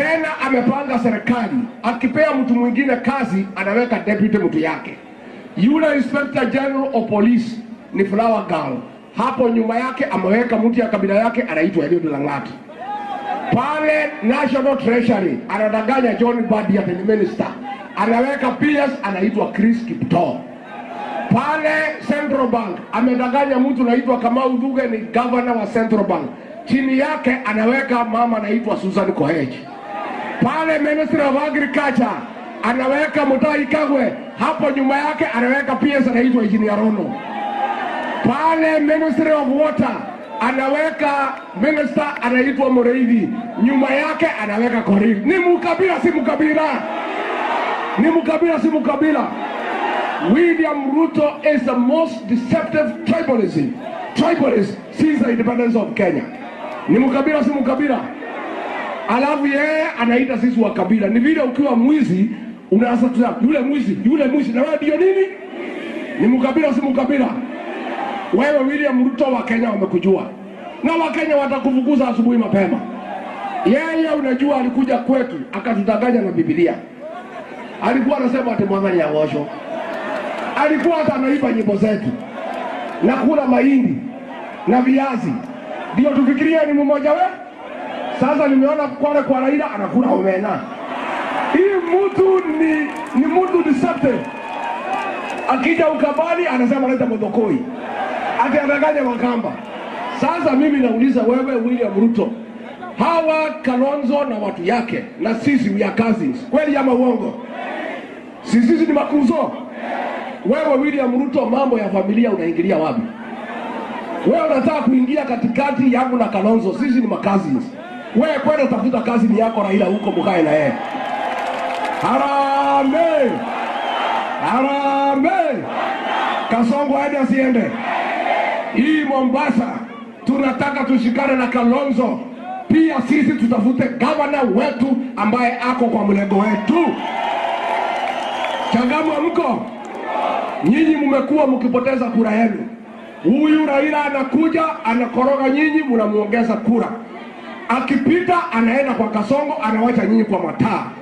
Tena amepanga serikali, akipea mtu mwingine kazi anaweka deputy mtu yake. Yule inspector general of police ni flower girl, hapo nyuma yake ameweka mtu ya kabila yake anaitwa Eliud Lang'ati. Pale National Treasury anadanganya John Badi ya ni minister, anaweka PS anaitwa Chris Kipto. pale Central Bank amedanganya mtu anaitwa Kamau Ndugge ni governor wa Central Bank, chini yake anaweka mama anaitwa Susan Koech pale minister of agriculture anaweka Mutahi Kagwe, hapo nyuma yake anaweka PS anaitwa Injinia Rono. Pale minister of water anaweka minister anaitwa Mureithi, nyuma yake anaweka Korir. Ni mukabila si mukabila? ni mukabila si mukabila? William Ruto is the most deceptive tribalism, tribalist since the independence of Kenya. Ni mukabila si mkabila alafu yeye anaita sisi wa kabila. Ni vile ukiwa mwizi unaanza kusema yule mwizi, yule mwizi, na wewe ndio nini? Ni mkabila, si mkabila? Wewe William Ruto, kenya wamekujua na Wakenya watakufukuza asubuhi mapema. Yeye unajua, alikuja kwetu akatudanganya na Biblia. Alikuwa anasema ati mwana ni alikuwa hata anaiba nyimbo zetu na kula mahindi na viazi. Ndio tufikirie ni mmoja wewe sasa nimeona kwale kwa Raila anakula omena. Hii mtu ni ni mtu disapte. Akija ukabali anasema leta modokoi, akiadanganya Wakamba. Sasa mimi nauliza wewe William Ruto, hawa Kalonzo na watu yake na sisi we are cousins, kweli ama uongo? Sisi sisi ni makuzo? Wewe William Ruto, mambo ya familia unaingilia wapi? Wewe unataka kuingia katikati yangu na Kalonzo, sisi ni makazi wewe kwenda utafuta kazi ni yako Raila huko mukae na yeye. Harambe! Harambe! Kasongo aende asiende? Hii Mombasa tunataka tushikane na Kalonzo, pia sisi tutafute gavana wetu ambaye ako kwa mlengo wetu. Changamwe mko nyinyi, mmekuwa mkipoteza kura yenu. Huyu Raila anakuja anakoroga nyinyi, mnamuongeza kura akipita anaenda kwa Kasongo, anawacha nyinyi kwa mataa.